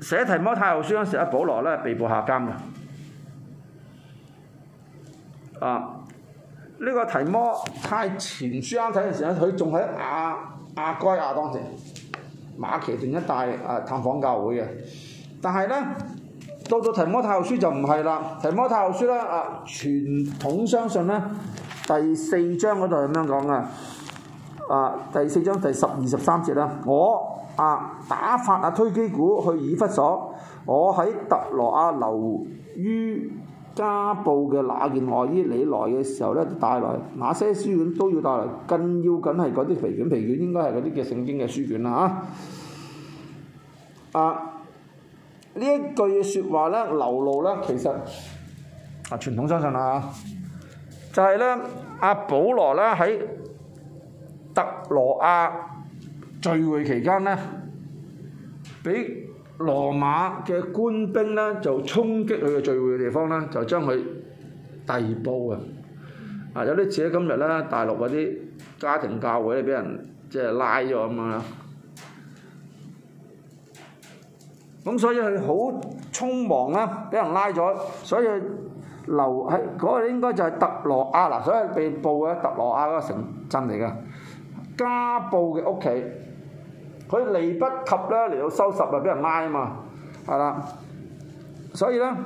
寫提摩太後書嗰時，阿保羅呢被捕下監嘅。啊，呢、這個提摩太前書啱睇嘅時候呢，佢仲喺亞亞該亞當時、馬其頓一帶啊，探訪教會嘅。但係呢，到到提摩太後書就唔係啦。提摩太後書呢，啊，傳統相信呢，第四章嗰度係咁樣講嘅啊，第四章第十二十三節啦，我。啊！打發啊推基古去以弗所。我喺特羅亞留於加布嘅那件外衣，你來嘅時候咧，帶來哪些書卷都要帶來，更要緊係嗰啲皮卷皮卷，皮卷應該係嗰啲嘅聖經嘅書卷啦啊！啊呢一句説話咧流露咧，其實啊傳統相信啦、啊、嚇，就係咧阿保羅啦喺特羅亞。聚會期間呢，畀羅馬嘅官兵呢就衝擊佢嘅聚會嘅地方呢，就將佢逮捕嘅。啊，有啲似喺今日呢大陸嗰啲家庭教會咧，俾人即係拉咗噉樣。咁、呃呃呃、所以佢好匆忙啊，俾人拉咗，所以留喺嗰、嗰個應該就係特羅亞啦，所以被捕嘅特羅亞嗰個城鎮嚟嘅加布嘅屋企。佢嚟不及咧，嚟到收拾啊，俾人拉嘛，係啦，所以呢，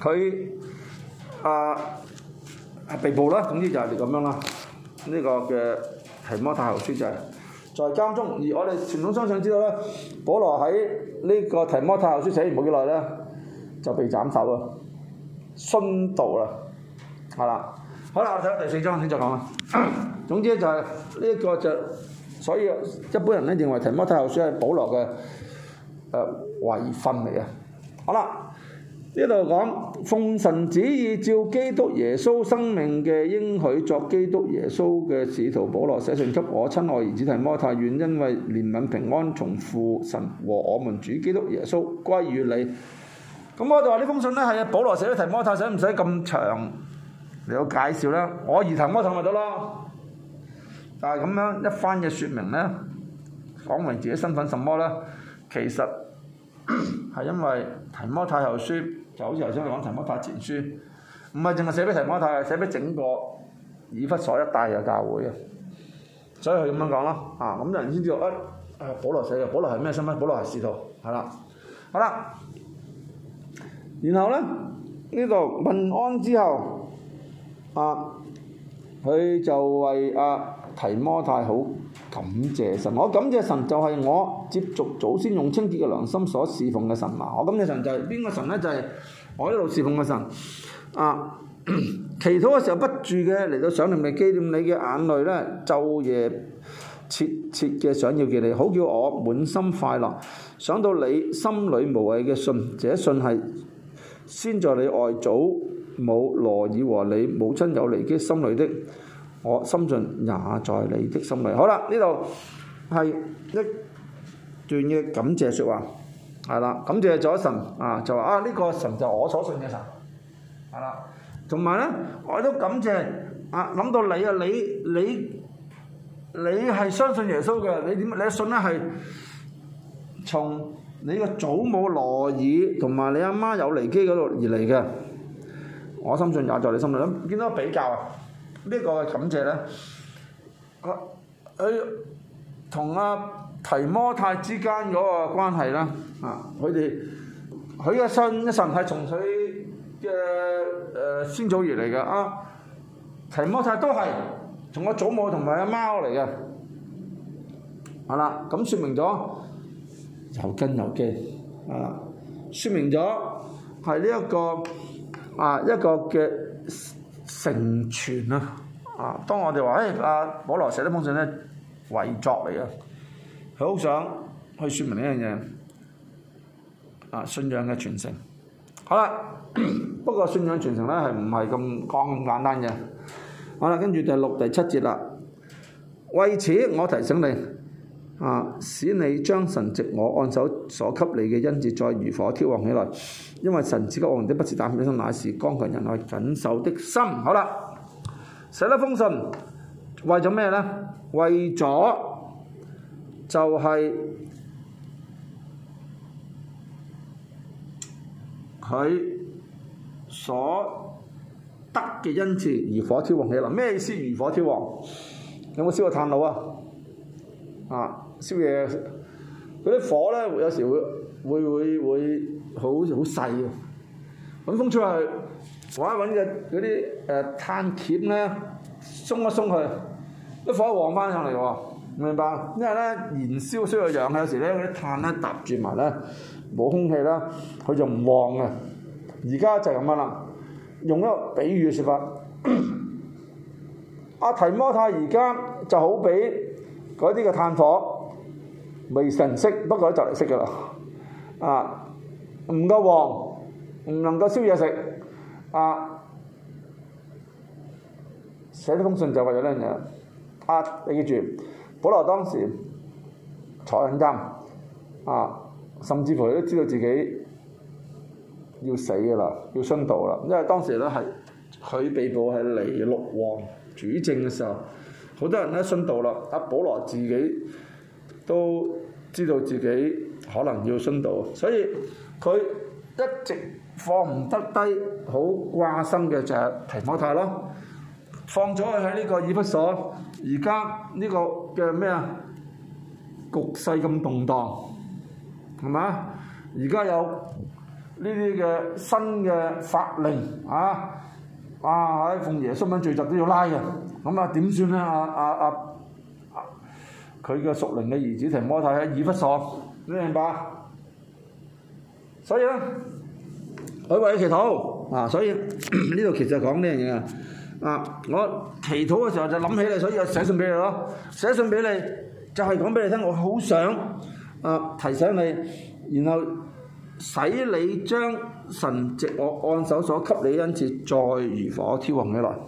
佢啊、呃、被捕啦，總之就係咁樣啦。呢、這個嘅提摩太後書就係在監中，而我哋傳統相信知道呢，保羅喺呢個提摩太後書寫完冇幾耐咧，就被斬首啊，殉道啦，係啦。好啦，我睇第四章先再講啦。 總之就係呢一個就是。所以一般人咧，認為提摩太後書係保羅嘅誒遺訓嚟嘅。好啦，呢度講奉神旨意照基督耶穌生命嘅應許，作基督耶穌嘅使徒保羅，寫信給我親愛兒子提摩太，願因為憐憫平安，從父神和我們主基督耶穌歸與你。咁、嗯、我就話呢封信咧係啊，保羅寫咗提摩太，使唔使咁長你有介紹咧？我兒提摩太咪得咯。但係咁樣一番嘅説明咧，講明自己身份什麼咧，其實係 因為提摩太後書就好似頭先講提摩太前書，唔係淨係寫俾提摩太，後，寫俾整個以弗所一帶嘅教會、嗯、啊。所以佢咁樣講咯，啊咁人先知道，啊啊保羅寫嘅，保羅係咩身份？保羅係使徒，係啦，好啦。然後咧呢度問安之後，啊佢就為啊。提摩太好感謝神，我感謝神就係我接續祖先用清潔嘅良心所侍奉嘅神啊！我感謝神就係、是、邊個神呢？就係、是、我一路侍奉嘅神啊！祈禱嘅時候不住嘅嚟到想念，咪記念你嘅眼淚呢，晝夜切切嘅想要見你，好叫我滿心快樂。想到你心裏無偽嘅信，這信係先在你外祖母羅以和你母親友尼基心裏的。我深信也在你的心裏。好啦，呢度係一段嘅感謝說話，係啦，感謝咗神啊，就話啊呢個神就我所信嘅神，係啦。同埋咧，我都感謝啊諗到你啊，你你你係相信耶穌嘅，你點你信咧？係從你嘅祖母羅爾同埋你阿媽友尼基嗰度而嚟嘅。我深信也在你心裏，諗見到比較啊。呢個係感謝咧，佢佢同阿提摩太之間嗰個關係咧，啊，佢哋佢嘅身一神係從佢嘅誒先祖而嚟嘅啊，提摩太都係同阿祖母同埋阿媽嚟嘅，係啦，咁説明咗有根有基，啊，説、呃啊啊啊啊、明咗係呢一個啊一個嘅。定存啦、啊，啊！當我哋話，誒、哎，阿、啊、保羅寫呢封信咧，遺作嚟嘅，佢好想去説明呢樣嘢，啊，信仰嘅傳承。好啦， 不過信仰傳承咧係唔係咁講咁簡單嘅？好啦，跟住第六、第七節啦。為此，我提醒你。啊！使你將神藉我按手所給你嘅恩賜，再如火挑旺起來，因為神賜給我們的不是膽怯的心，乃是剛強、仁愛、謹守的心。好啦，寫呢封信為咗咩呢？為咗就係佢所得嘅恩賜，如火挑旺起來。咩意思？如火挑旺？有冇燒過炭爐啊？啊！燒嘢，嗰啲火咧有時候會會會會好好細嘅，風吹去，或者揾嘅嗰啲誒炭鉗鬆一鬆佢，啲火旺翻上嚟喎，明白？因為咧燃燒需要氧氣，有時咧嗰啲碳咧搭住埋咧冇空氣咧，佢就唔旺嘅。而家就係咁樣啦，用一個比喻嘅説法， 阿提摩太而家就好比嗰啲嘅炭火。未成色，不過咧就嚟識噶啦，啊，唔夠旺，唔能夠燒嘢食，啊，寫呢封信就為咗呢樣嘢，啊，你記住，保羅當時坐緊監，啊，甚至乎佢都知道自己要死噶啦，要殉道啦，因為當時咧係佢被捕喺尼祿王主政嘅時候，好多人咧殉道啦，阿、啊、保羅自己，都知道自己可能要殉道，所以佢一直放唔得低，好掛心嘅就係提摩太咯。放咗佢喺呢個以弗所，而家呢個嘅咩啊局勢咁動盪，係咪？而家有呢啲嘅新嘅法令啊啊奉耶穌名聚集都要拉嘅，咁啊點算咧？啊。阿阿？啊啊佢個屬靈嘅兒子提摩太咧，已不喪，你明白？所以呢，我為你祈禱，嗱，所以呢度其實講呢樣嘢啊，啊，我祈禱嘅時候就諗起你，所以就寫信俾你咯，寫信俾你，就係講俾你聽，我好想啊提醒你，然後使你將神藉我按手所給你恩賜，再如火挑旺起來。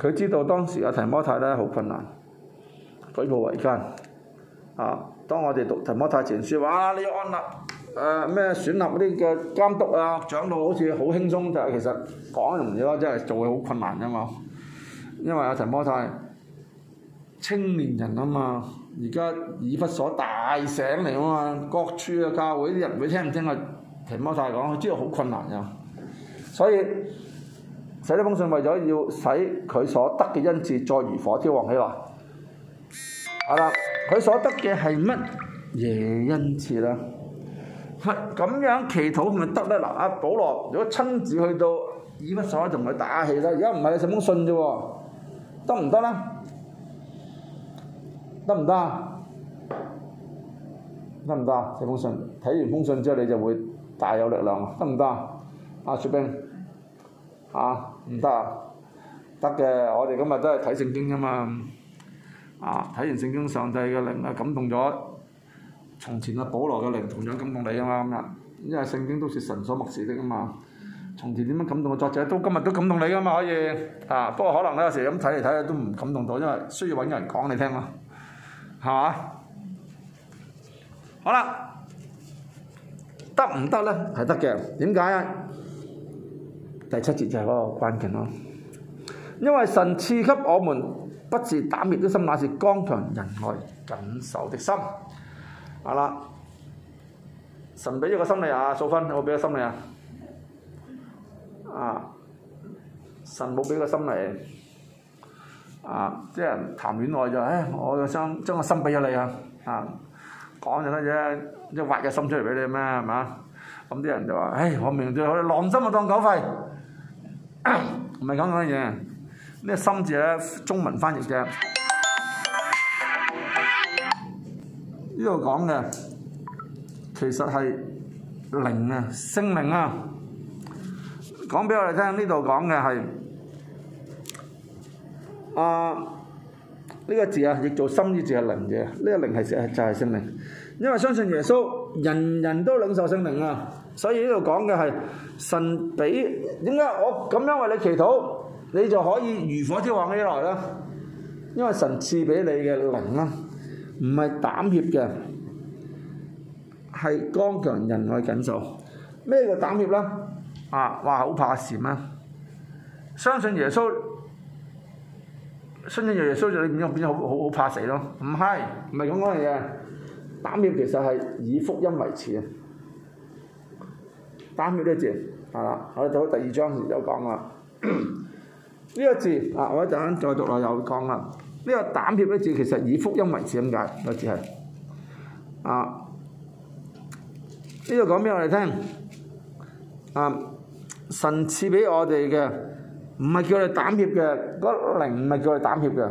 佢知道當時阿提摩太呢好困難。舉步維艱啊！當我哋讀提摩太前書，哇、啊！你按立誒咩選立呢個監督啊，長老好似好輕鬆，但係其實講容易嘢咯，真係做嘅好困難㗎嘛。因為阿提摩太青年人啊嘛，而家以弗所大醒嚟㗎嘛，各處嘅教會啲人會聽唔聽阿提摩太講？佢知道好困難㗎。所以寫呢封信為咗要使佢所得嘅恩賜再如火挑旺起來。係啦，佢、啊、所得嘅係乜嘢恩賜啦，啊？咁樣祈禱咪得咧？嗱，阿保羅如果親自去到，以乜所同佢打氣咧？而家唔係你寫封信啫喎，得唔得啦？得唔得？得唔得？寫封信，睇完封信之後，你就會大有力量，得唔得？阿雪冰，啊，唔得啊？得嘅，我哋今日都係睇聖經噶嘛。啊！睇完聖經，上帝嘅靈啊，感動咗。從前阿保羅嘅靈同樣感動你啊嘛，咁樣。因為聖經都是神所默示的啊嘛。從前點樣感動嘅作者，都今日都感動你噶嘛，可以。啊，不過可能我有時咁睇嚟睇去都唔感動到，因為需要搵人講你聽咯。係嘛？好啦，得唔得咧？係得嘅。點解啊？第七節就係嗰個關鍵咯、啊。因為神賜給我們。不是膽怯的心，那是剛強仁愛、謹守的心。啊啦，神俾咗個心你啊，掃分有冇俾個心你啊？啊，神冇俾個心你。啊，啲人談戀愛就唉、是哎，我想心個心將個心俾咗你啊。啊，講就得啫，即係挖一個心出嚟俾你咩？係嘛？咁啲人就話，唉、哎，我明咗，我狼心啊，當狗肺，唔係咁講嘢。呢個心字咧，中文翻譯嘅，呢度講嘅其實係靈啊，聖靈啊，講俾我哋聽。呢度講嘅係啊，呢個字啊，譯做心呢字係靈字，呢個靈係誒就係聖靈。因為相信耶穌，人人都領受聖靈啊，所以呢度講嘅係神俾。點解我咁樣為你祈禱？你就可以如火挑旺起來啦，因為神賜畀你嘅能啦，唔係膽怯嘅，係剛強仁愛謹守。咩叫膽怯咧？啊，話好怕事咩？相信耶穌，相信耶穌就你變咗變咗好好怕死咯。唔係，唔係咁講嚟嘅。膽怯其實係以福音為恥嘅。膽怯呢字，係啦，我哋到第二章有講啦。 呢個字啊，我一陣再讀落又講啦。呢個膽怯呢字其實，以福音為恥。點解呢個字係啊？呢度講俾我哋聽啊，神賜畀我哋嘅唔係叫你膽怯嘅，嗰靈唔係叫你膽怯嘅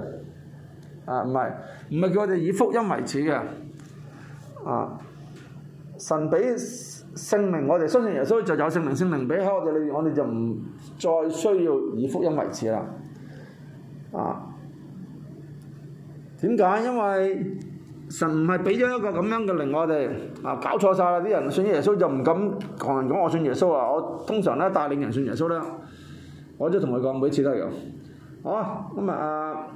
啊，唔係唔係叫我哋以福音為恥嘅啊，神俾。聖靈，名，名我哋相信耶穌就有聖靈，聖靈俾開，我哋我哋就唔再需要以福音為恥啦。啊，點解？因為神唔係畀咗一個咁樣嘅靈我哋啊，搞錯晒啦！啲人信耶穌就唔敢講人講我信耶穌啊！我通常咧帶領人信耶穌咧，我都同佢講每次都係咁。好啊，咁啊，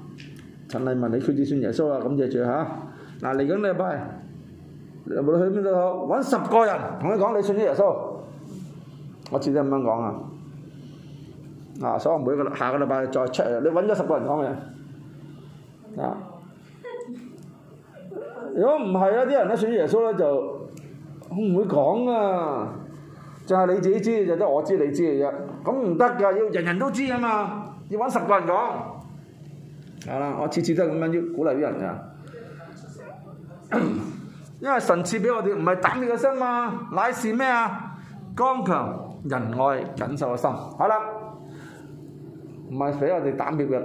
陳麗文，你決定信耶穌啊？感謝主嚇、啊！嗱、啊，嚟緊禮拜。無論去邊度，搵十個人同你講，你信啲耶穌。我次次咁樣講啊，啊，所以每一個下個禮拜再出嚟，你搵咗十個人講嘅，啊，如果唔係咧，啲人咧信啲耶穌咧就唔會講啊，就係你自己知就得，我知你知嘅啫。咁唔得噶，要人人都知啊嘛，要搵十個人講。係啦，我次次都係咁樣要鼓勵啲人噶。因為神賜俾我哋唔係膽怯嘅心嘛，乃是咩啊？剛強、仁愛、忍受嘅心。好啦，唔係俾我哋膽怯嘅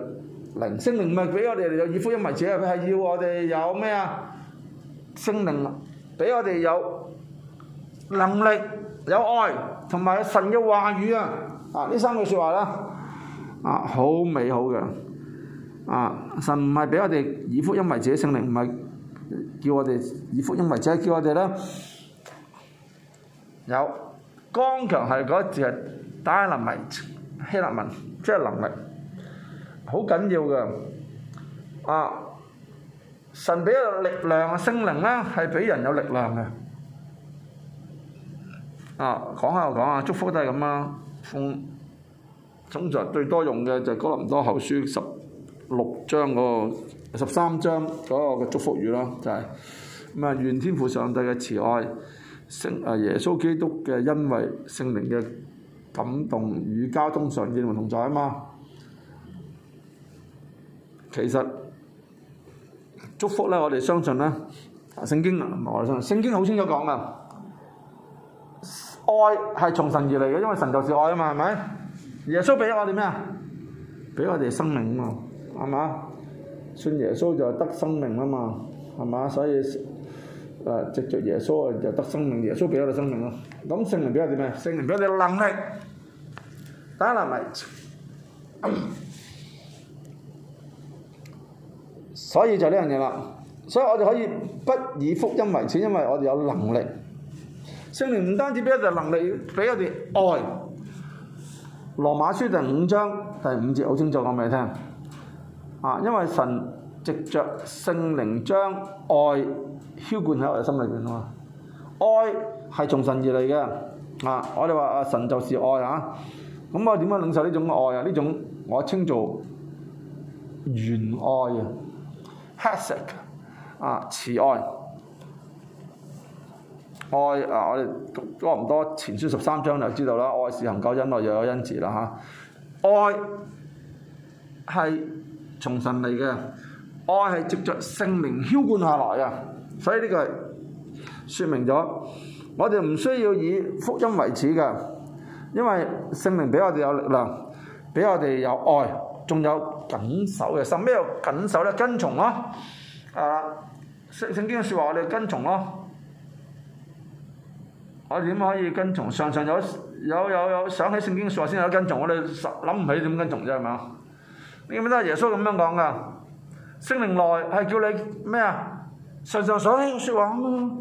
靈，聖靈唔係俾我哋有以福音為恥啊，係要我哋有咩啊？聖靈俾我哋有能力、有愛，同埋神嘅話語啊！啊，呢三句說話啦，啊，好美好嘅，啊，神唔係俾我哋以福音為恥嘅聖靈，唔係。叫我哋以福音為者，叫我哋啦。有剛強係嗰隻希臘文，希臘文即係能力，好緊要㗎。啊，神俾個力量嘅聖靈呢，係俾人有力量嘅。啊，講下又講下，祝福都係咁啦。奉宗座最多用嘅就係哥林多後書十六章嗰個十三章嗰個嘅祝福語啦，就係咁啊！願天父上帝嘅慈愛、聖啊耶穌基督嘅恩惠、聖靈嘅感動與交通常見同在啊嘛！其實祝福呢，我哋相信呢，聖經啊，我哋相信聖經好清楚講噶，愛係從神而嚟嘅，因為神就是愛啊嘛，係咪？耶穌俾我哋咩啊？俾我哋生命啊嘛，係咪？信耶穌就係得生命啦嘛，係嘛？所以誒，藉、啊、著耶穌就得生命，耶穌畀咗你生命咯。咁聖靈畀咗啲咩？聖靈畀我哋能力，得能力。所以就呢樣嘢啦。所以我哋可以不以福音為恥，因為我哋有能力。聖靈唔單止畀我哋能力，畀我哋愛。羅馬書第五章第五節好清楚我，我講俾你聽。啊！因為神藉著聖靈將愛澆灌喺我嘅心裏邊啊嘛，愛係從神而嚟嘅啊！我哋話神就是愛啊！咁啊，點樣領受呢種愛啊？呢種我稱做憐愛啊，hesed 啊，慈愛愛啊！我哋多唔多？前書十三章就知道啦。愛是恆久忍耐，又有恩慈啦嚇、啊。愛係。從神嚟嘅愛係藉着聖靈澆灌下來嘅，所以呢句說明咗，我哋唔需要以福音為恥嘅，因為聖靈俾我哋有力量，俾我哋有愛，仲有謹守嘅，甚咩叫謹守咧？跟從咯、啊，啊，聖聖經嘅說話我哋跟從咯、啊，我點可以跟從？常常有有有有想起聖經嘅說話先有得跟從，我哋諗唔起點跟從啫，係嘛？根本都係耶穌咁樣講噶，聖靈來係叫你咩啊？順從上帝嘅説話是吧咯，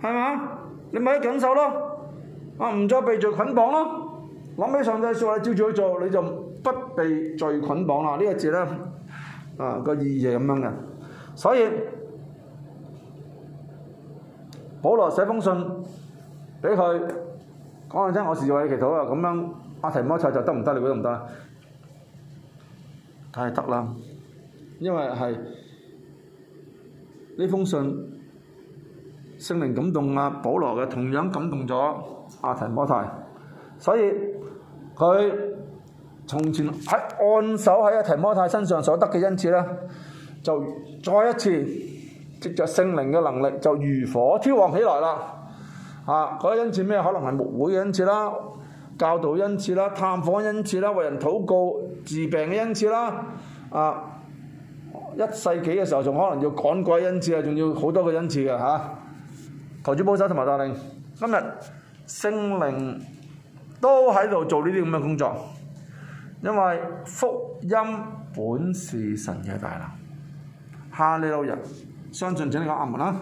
係嘛？你咪去忍受咯，啊唔再被罪捆綁咯。諗起上帝説話，你照住去做，你就不被罪捆綁啦。呢個字呢，啊個意義係咁樣嘅。所以，保羅寫封信俾佢，講句真，我時時為你祈禱啊。咁樣阿提摩太就得唔得？你覺得唔得？太得啦，因為係呢封信聖靈感動啊保羅嘅，同樣感動咗阿提摩太，所以佢從前喺按手喺阿提摩太身上所得嘅恩賜咧，就再一次藉着聖靈嘅能力，就如火飄旺起來啦。啊，嗰、那個、恩賜咩？可能係牧會嘅恩賜啦。教導恩賜啦，探訪恩賜啦，為人禱告、治病嘅恩賜啦，啊，一世紀嘅時候仲可能要趕鬼恩賜，恩賜啊，仲要好多個恩賜嘅吓。求主保守同埋帶領，今日聖靈都喺度做呢啲咁嘅工作，因為福音本是神嘅大能。哈利路亞，相信請你講阿門啦。